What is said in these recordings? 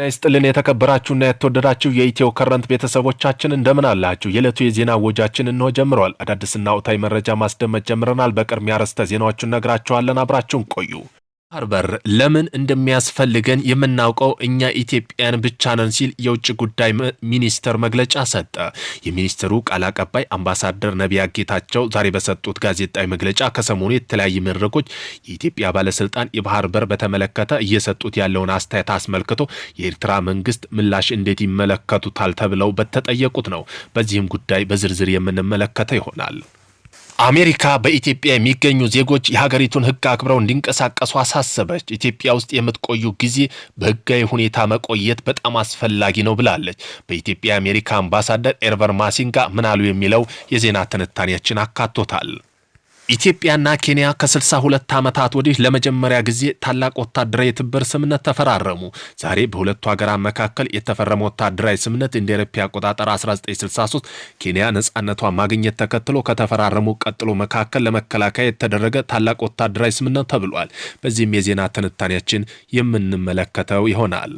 ጤና ይስጥልን የተከበራችሁና የተወደዳችሁ የኢትዮ ከረንት ቤተሰቦቻችን እንደምን አላችሁ? የዕለቱ የዜና ወጃችን እንሆ ጀምረዋል። አዳዲስና ወቅታዊ መረጃ ማስደመጥ ጀምረናል። በቅድሚያ ርዕሰ ዜናዎቹን ነግራችኋለን። አብራችሁን ቆዩ። ሃርበር ለምን እንደሚያስፈልገን የምናውቀው እኛ ኢትዮጵያን ብቻ ነን ሲል የውጭ ጉዳይ ሚኒስትር መግለጫ ሰጠ። የሚኒስትሩ ቃል አቀባይ አምባሳደር ነቢያ ጌታቸው ዛሬ በሰጡት ጋዜጣዊ መግለጫ ከሰሞኑ የተለያዩ መድረኮች የኢትዮጵያ ባለስልጣን የባህር በር በተመለከተ እየሰጡት ያለውን አስተያየት አስመልክቶ የኤርትራ መንግስት ምላሽ እንዴት ይመለከቱታል ተብለው በተጠየቁት ነው። በዚህም ጉዳይ በዝርዝር የምንመለከተው ይሆናል። አሜሪካ በኢትዮጵያ የሚገኙ ዜጎች የሀገሪቱን ሕግ አክብረው እንዲንቀሳቀሱ አሳሰበች። ኢትዮጵያ ውስጥ የምትቆዩ ጊዜ በህጋዊ ሁኔታ መቆየት በጣም አስፈላጊ ነው ብላለች። በኢትዮጵያ የአሜሪካ አምባሳደር ኤርቨር ማሲንጋ ምናሉ የሚለው የዜና ትንታኔያችን አካቶታል። ኢትዮጵያና ኬንያ ከ62 ዓመታት ወዲህ ለመጀመሪያ ጊዜ ታላቅ ወታደራዊ የትብብር ስምነት ተፈራረሙ። ዛሬ በሁለቱ ሀገራት መካከል የተፈረመ ወታደራዊ ስምነት እንደ ኤሮፓ አቆጣጠር 1963 ኬንያ ነፃነቷ ማግኘት ተከትሎ ከተፈራረሙ ቀጥሎ መካከል ለመከላከያ የተደረገ ታላቅ ወታደራዊ ስምነት ተብሏል። በዚህም የዜና ትንታኔያችን የምንመለከተው ይሆናል።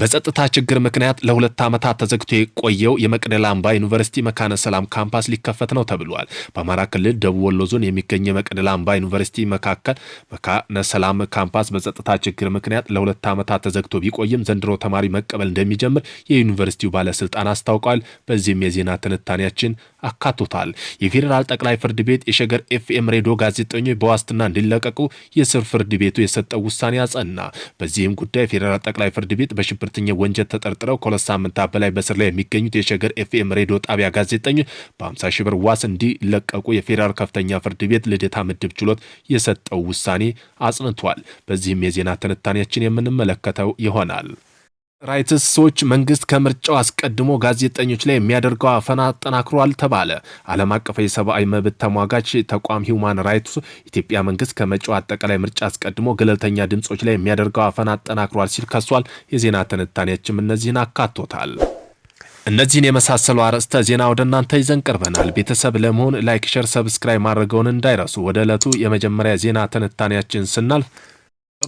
በጸጥታ ችግር ምክንያት ለሁለት ዓመታት ተዘግቶ የቆየው የመቅደላ አምባ ዩኒቨርሲቲ መካነ ሰላም ካምፓስ ሊከፈት ነው ተብሏል። በአማራ ክልል ደቡብ ወሎ ዞን የሚገኝ የመቅደላ አምባ ዩኒቨርሲቲ መካከል መካነ ሰላም ካምፓስ በጸጥታ ችግር ምክንያት ለሁለት ዓመታት ተዘግቶ ቢቆይም ዘንድሮ ተማሪ መቀበል እንደሚጀምር የዩኒቨርሲቲው ባለስልጣን አስታውቋል። በዚህም የዜና ትንታኔያችን አካቶታል። የፌዴራል ጠቅላይ ፍርድ ቤት የሸገር ኤፍኤም ሬዲዮ ጋዜጠኞች በዋስትና እንዲለቀቁ የስር ፍርድ ቤቱ የሰጠው ውሳኔ አጸና። በዚህም ጉዳይ የፌዴራል ጠቅላይ ፍርድ ቤት በሽብርተኛ ወንጀል ተጠርጥረው ከሁለት ሳምንታት በላይ በስር ላይ የሚገኙት የሸገር ኤፍኤም ሬዲዮ ጣቢያ ጋዜጠኞች በ50 ሺህ ብር ዋስ እንዲለቀቁ የፌዴራል ከፍተኛ ፍርድ ቤት ልደታ ምድብ ችሎት የሰጠው ውሳኔ አጽንቷል። በዚህም የዜና ትንታኔያችን የምንመለከተው ይሆናል። ራይትስ ሰዎች መንግስት ከምርጫው አስቀድሞ ጋዜጠኞች ላይ የሚያደርገው አፈና አጠናክሯል ተባለ። ዓለም አቀፍ የሰብአዊ መብት ተሟጋች ተቋም ሂውማን ራይትስ ኢትዮጵያ መንግስት ከመጪው አጠቃላይ ምርጫ አስቀድሞ ገለልተኛ ድምፆች ላይ የሚያደርገው አፈና አጠናክሯል ሲል ከሷል። የዜና ትንታኔያችም እነዚህን አካቶታል። እነዚህን የመሳሰሉ አርዕስተ ዜና ወደ እናንተ ይዘን ቀርበናል። ቤተሰብ ለመሆን ላይክ፣ ሸር፣ ሰብስክራይብ ማድረገውን እንዳይረሱ። ወደ ዕለቱ የመጀመሪያ ዜና ትንታኔያችን ስናልፍ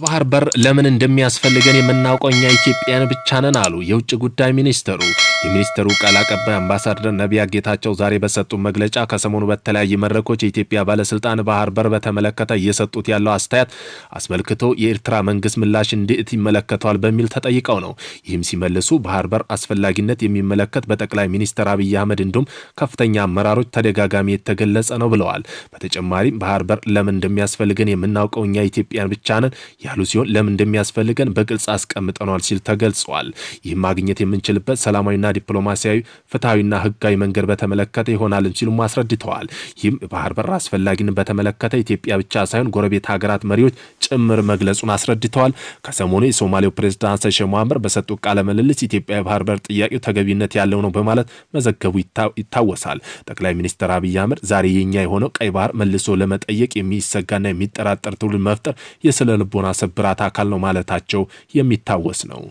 ባህር በር ለምን እንደሚያስፈልገን የምናውቀው እኛ ኢትዮጵያን ብቻ ነን አሉ የውጭ ጉዳይ ሚኒስትሩ። የሚኒስትሩ ቃል አቀባይ አምባሳደር ነቢያ ጌታቸው ዛሬ በሰጡት መግለጫ ከሰሞኑ በተለያዩ መድረኮች የኢትዮጵያ ባለስልጣን ባህር በር በተመለከተ እየሰጡት ያለው አስተያየት አስመልክቶ የኤርትራ መንግስት ምላሽ እንዴት ይመለከተዋል በሚል ተጠይቀው ነው። ይህም ሲመልሱ ባህር በር አስፈላጊነት የሚመለከት በጠቅላይ ሚኒስትር አብይ አህመድ እንዲሁም ከፍተኛ አመራሮች ተደጋጋሚ የተገለጸ ነው ብለዋል። በተጨማሪም ባህር በር ለምን እንደሚያስፈልገን የምናውቀው እኛ ኢትዮጵያን ብቻ ነን ያሉ ሲሆን ለምን እንደሚያስፈልገን በግልጽ አስቀምጠኗል ሲል ተገልጿል። ይህም ማግኘት የምንችልበት ሰላማዊና ዲፕሎማሲያዊ ፍትሐዊና ህጋዊ መንገድ በተመለከተ ይሆናልም ሲሉ አስረድተዋል። ይህም ባህር በር አስፈላጊን በተመለከተ ኢትዮጵያ ብቻ ሳይሆን ጎረቤት ሀገራት መሪዎች ጭምር መግለጹን አስረድተዋል። ከሰሞኑ የሶማሌው ፕሬዝዳንት ሼህ መሐመድ በሰጡት ቃለ ምልልስ ኢትዮጵያ የባህር በር ጥያቄው ተገቢነት ያለው ነው በማለት መዘገቡ ይታወሳል። ጠቅላይ ሚኒስትር አብይ አህመድ ዛሬ የኛ የሆነው ቀይ ባህር መልሶ ለመጠየቅ የሚሰጋና የሚጠራጠር ትውልድ መፍጠር የስነ ልቦና ስብራት አካል ነው ማለታቸው የሚታወስ ነው።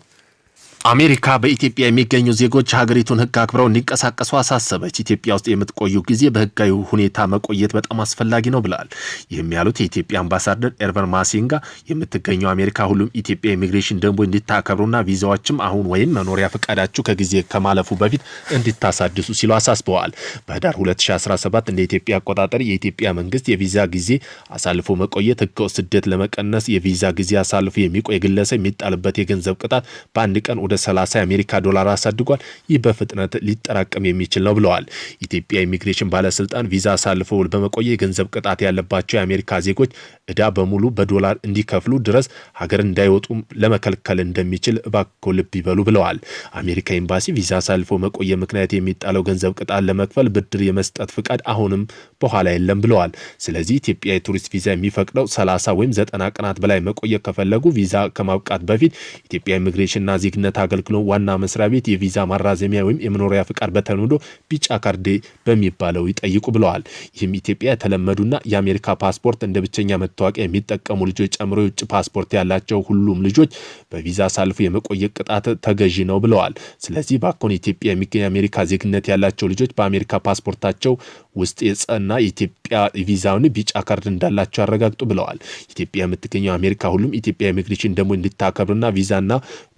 አሜሪካ በኢትዮጵያ የሚገኙ ዜጎች ሀገሪቱን ሕግ አክብረው እንዲንቀሳቀሱ አሳሰበች። ኢትዮጵያ ውስጥ የምትቆዩ ጊዜ በህጋዊ ሁኔታ መቆየት በጣም አስፈላጊ ነው ብለዋል። ይህም ያሉት የኢትዮጵያ አምባሳደር ኤርቨን ማሲንጋ የምትገኘው አሜሪካ ሁሉም ኢትዮጵያ ኢሚግሬሽን ደንቦ እንዲታከብሩና ቪዛዎችም አሁን ወይም መኖሪያ ፈቃዳችሁ ከጊዜ ከማለፉ በፊት እንዲታሳድሱ ሲሉ አሳስበዋል። በህዳር 2017 እንደ ኢትዮጵያ አቆጣጠር የኢትዮጵያ መንግስት የቪዛ ጊዜ አሳልፎ መቆየት ህገወጥ ስደት ለመቀነስ የቪዛ ጊዜ አሳልፎ የሚቆይ ግለሰብ የሚጣልበት የገንዘብ ቅጣት በአንድ ቀን ወደ 30 የአሜሪካ ዶላር አሳድጓል። ይህ በፍጥነት ሊጠራቀም የሚችል ነው ብለዋል። ኢትዮጵያ ኢሚግሬሽን ባለስልጣን ቪዛ አሳልፈው በመቆየት የገንዘብ ቅጣት ያለባቸው የአሜሪካ ዜጎች ዕዳ በሙሉ በዶላር እንዲከፍሉ ድረስ ሀገር እንዳይወጡ ለመከልከል እንደሚችል እባክዎ ልብ ይበሉ ብለዋል። አሜሪካ ኤምባሲ ቪዛ አሳልፎ መቆየ ምክንያት የሚጣለው ገንዘብ ቅጣት ለመክፈል ብድር የመስጠት ፍቃድ አሁንም በኋላ የለም ብለዋል። ስለዚህ ኢትዮጵያ የቱሪስት ቪዛ የሚፈቅደው 30 ወይም 90 ቀናት በላይ መቆየት ከፈለጉ ቪዛ ከማብቃት በፊት ኢትዮጵያ ኢሚግሬሽንና ዜግነት አገልግሎት ዋና መስሪያ ቤት የቪዛ ማራዘሚያ ወይም የመኖሪያ ፍቃድ በተለምዶ ቢጫ ካርዴ በሚባለው ይጠይቁ ብለዋል። ይህም ኢትዮጵያ የተለመዱና የአሜሪካ ፓስፖርት እንደ ብቸኛ መታወቂያ የሚጠቀሙ ልጆች ጨምሮ የውጭ ፓስፖርት ያላቸው ሁሉም ልጆች በቪዛ ሳልፎ የመቆየት ቅጣት ተገዢ ነው ብለዋል። ስለዚህ ባኮን ኢትዮጵያ የሚገኝ የአሜሪካ ዜግነት ያላቸው ልጆች በአሜሪካ ፓስፖርታቸው ውስጥ የጸና የኢትዮጵያ ቪዛውን ቢጫ ካርድ እንዳላቸው ያረጋግጡ ብለዋል። ኢትዮጵያ የምትገኘው አሜሪካ ሁሉም ኢትዮጵያ ኢሚግሬሽን ደግሞ እንድታከብርና ቪዛና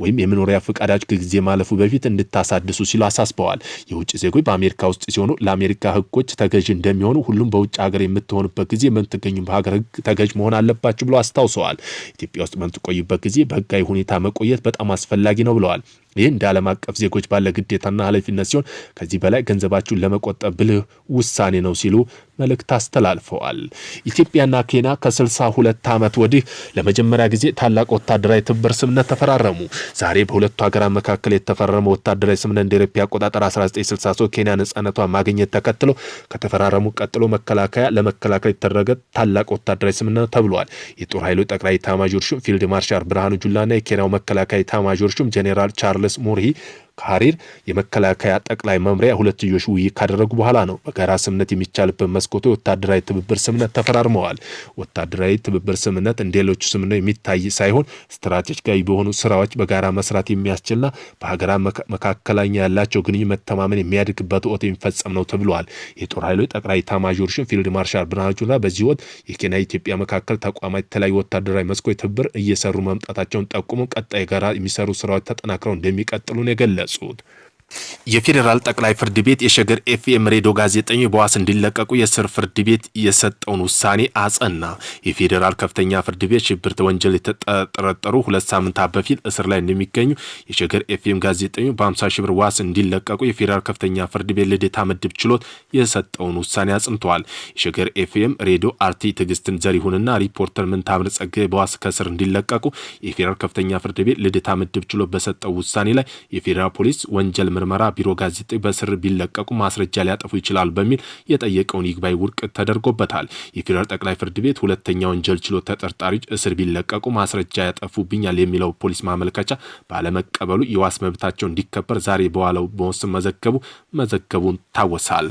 ወይም የመኖሪያ ፈቃዳቸው ከጊዜ ማለፉ በፊት እንድታሳድሱ ሲሉ አሳስበዋል። የውጭ ዜጎች በአሜሪካ ውስጥ ሲሆኑ ለአሜሪካ ሕጎች ተገዥ እንደሚሆኑ ሁሉም በውጭ ሀገር የምትሆኑበት ጊዜ የምትገኙ በሀገር ሕግ ተገዥ ፈቃደኞች መሆን አለባቸው ብለው አስታውሰዋል። ኢትዮጵያ ውስጥ በምትቆዩበት ጊዜ በህጋዊ ሁኔታ መቆየት በጣም አስፈላጊ ነው ብለዋል። ይህ እንደ ዓለም አቀፍ ዜጎች ባለ ግዴታና ኃላፊነት ሲሆን ከዚህ በላይ ገንዘባችሁን ለመቆጠብ ብልህ ውሳኔ ነው ሲሉ መልእክት አስተላልፈዋል። ኢትዮጵያና ኬንያ ከ62 ዓመት ወዲህ ለመጀመሪያ ጊዜ ታላቅ ወታደራዊ ትብብር ስምነት ተፈራረሙ። ዛሬ በሁለቱ ሀገራት መካከል የተፈረመ ወታደራዊ ስምነት እንደ ኢትዮጵያ አቆጣጠር 1963 ኬንያ ነጻነቷን ማግኘት ተከትሎ ከተፈራረሙ ቀጥሎ መከላከያ ለመከላከል የተደረገ ታላቅ ወታደራዊ ስምነት ተብሏል። የጦር ኃይሉ ጠቅላይ ኤታማዦር ሹም ፊልድ ማርሻል ብርሃኑ ጁላና የኬንያው መከላከያ ኤታማዦር ሹም ጄኔራል ቻርል ካርለስ ሞሪ ሀሪር የመከላከያ ጠቅላይ መምሪያ ሁለትዮሽ ውይይት ካደረጉ በኋላ ነው። በጋራ ስምነት የሚቻልበት መስኮቶ የወታደራዊ ትብብር ስምነት ተፈራርመዋል። ወታደራዊ ትብብር ስምነት እንደሌሎቹ ስምነት የሚታይ ሳይሆን ስትራቴጂካዊ በሆኑ ስራዎች በጋራ መስራት የሚያስችልና በሀገራ መካከላኛ ያላቸው ግንኙ መተማመን የሚያድግበት ወቅት የሚፈጸም ነው ተብለዋል። የጦር ኃይሎች ጠቅላይ ኤታማዦር ሹም ፊልድ ማርሻል ብርሃኑ ጁላ በዚህ ወቅት የኬንያ ኢትዮጵያ መካከል ተቋማት የተለያዩ ወታደራዊ መስኮች ትብብር እየሰሩ መምጣታቸውን ጠቁሞ ቀጣይ ጋራ የሚሰሩ ስራዎች ተጠናክረው እንደሚቀጥሉ ነው የገለጹ Sword. የፌዴራል ጠቅላይ ፍርድ ቤት የሸገር ኤፍኤም ሬዲዮ ጋዜጠኞች በዋስ እንዲለቀቁ የስር ፍርድ ቤት የሰጠውን ውሳኔ አጸና። የፌዴራል ከፍተኛ ፍርድ ቤት ሽብርት ወንጀል የተጠረጠሩ ሁለት ሳምንታት በፊት እስር ላይ እንደሚገኙ የሸገር ኤፍኤም ጋዜጠኞች በአምሳ 50 ሺህ ብር ዋስ እንዲለቀቁ የፌዴራል ከፍተኛ ፍርድ ቤት ልደታ ምድብ ችሎት የሰጠውን ውሳኔ አጽንተዋል። የሸገር ኤፍኤም ሬዲዮ አርቲ ትዕግስትን ዘሪሁንና ሪፖርተር ምንታምር ጸጋዬ በዋስ ከስር እንዲለቀቁ የፌዴራል ከፍተኛ ፍርድ ቤት ልደታ ምድብ ችሎት በሰጠው ውሳኔ ላይ የፌዴራል ፖሊስ ወንጀል ምርመራ ቢሮ ጋዜጠ በስር ቢለቀቁ ማስረጃ ሊያጠፉ ይችላል በሚል የጠየቀውን ይግባይ ውድቅ ተደርጎበታል። የፌዴራል ጠቅላይ ፍርድ ቤት ሁለተኛ ወንጀል ችሎት ተጠርጣሪዎች እስር ቢለቀቁ ማስረጃ ያጠፉብኛል የሚለው ፖሊስ ማመልከቻ ባለመቀበሉ የዋስ መብታቸው እንዲከበር ዛሬ በዋለው በወስን መዘገቡ መዘገቡን ታወሳል።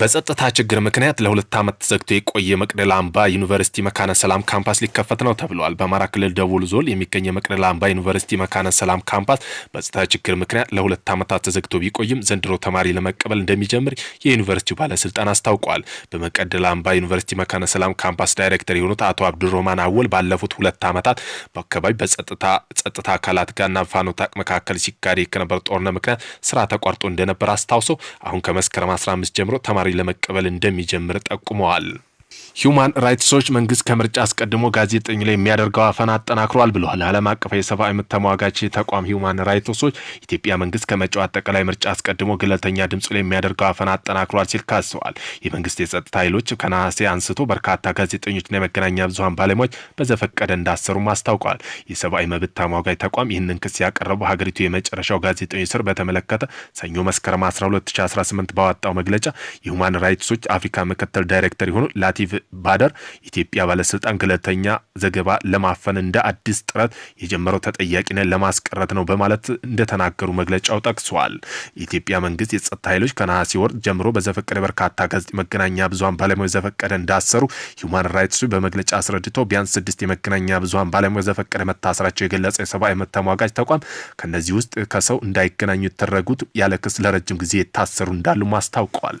በጸጥታ ችግር ምክንያት ለሁለት ዓመት ተዘግቶ የቆየ መቅደላ አምባ ዩኒቨርሲቲ መካነ ሰላም ካምፓስ ሊከፈት ነው ተብሏል። በአማራ ክልል ደቡብ ዞን የሚገኝ የመቅደላ አምባ ዩኒቨርሲቲ መካነ ሰላም ካምፓስ በጸጥታ ችግር ምክንያት ለሁለት ዓመታት ተዘግቶ ቢቆይም ዘንድሮ ተማሪ ለመቀበል እንደሚጀምር የዩኒቨርሲቲው ባለስልጣን አስታውቋል። በመቀደላ አምባ ዩኒቨርሲቲ መካነ ሰላም ካምፓስ ዳይሬክተር የሆኑት አቶ አብዱሮማን አወል ባለፉት ሁለት ዓመታት በአካባቢ በጸጥታ አካላት ጋርና ፋኖ ታጣቂ መካከል ሲካሄድ የነበረ ጦርነት ምክንያት ስራ ተቋርጦ እንደነበር አስታውሰው አሁን ከመስከረም 15 ጀምሮ ተማሪ ለመቀበል እንደሚጀምር ጠቁመዋል። ሂዩማን ራይትስ ዎች መንግስት ከምርጫ አስቀድሞ ጋዜጠኝ ላይ የሚያደርገው አፈና አጠናክሯል ብለዋል። ዓለም አቀፍ የሰብአዊ መብት ተሟጋች ተቋም ሂዩማን ራይትስ ዎች ኢትዮጵያ መንግስት ከመጪው አጠቃላይ ምርጫ አስቀድሞ ገለልተኛ ድምፅ ላይ የሚያደርገው አፈና አጠናክሯል ሲል ካሰዋል። የመንግስት የጸጥታ ኃይሎች ከነሐሴ አንስቶ በርካታ ጋዜጠኞችና የመገናኛ ብዙሀን ባለሙያዎች በዘፈቀደ እንዳሰሩም አስታውቋል። የሰብአዊ መብት ተሟጋች ተቋም ይህንን ክስ ያቀረበው ሀገሪቱ የመጨረሻው ጋዜጠኞች ስር በተመለከተ ሰኞ መስከረም 12 2018 ባወጣው መግለጫ የሁማን ራይትስ ዎች አፍሪካ ምክትል ዳይሬክተር የሆኑ ላቲቭ ባደር ኢትዮጵያ ባለስልጣን ገለልተኛ ዘገባ ለማፈን እንደ አዲስ ጥረት የጀመረው ተጠያቂነት ለማስቀረት ነው በማለት እንደተናገሩ መግለጫው ጠቅሷል። የኢትዮጵያ መንግስት የጸጥታ ኃይሎች ከነሐሴ ወር ጀምሮ በዘፈቀደ በርካታ ጋዜጣ መገናኛ ብዙሀን ባለሙያ ዘፈቀደ እንዳሰሩ ሁማን ራይትስ በመግለጫ አስረድተው ቢያንስ ስድስት የመገናኛ ብዙሀን ባለሙያ ዘፈቀደ መታሰራቸው የገለጸ የሰብአዊ መብት ተሟጋጅ ተቋም ከእነዚህ ውስጥ ከሰው እንዳይገናኙ የተደረጉት ያለ ክስ ለረጅም ጊዜ የታሰሩ እንዳሉ አስታውቀዋል።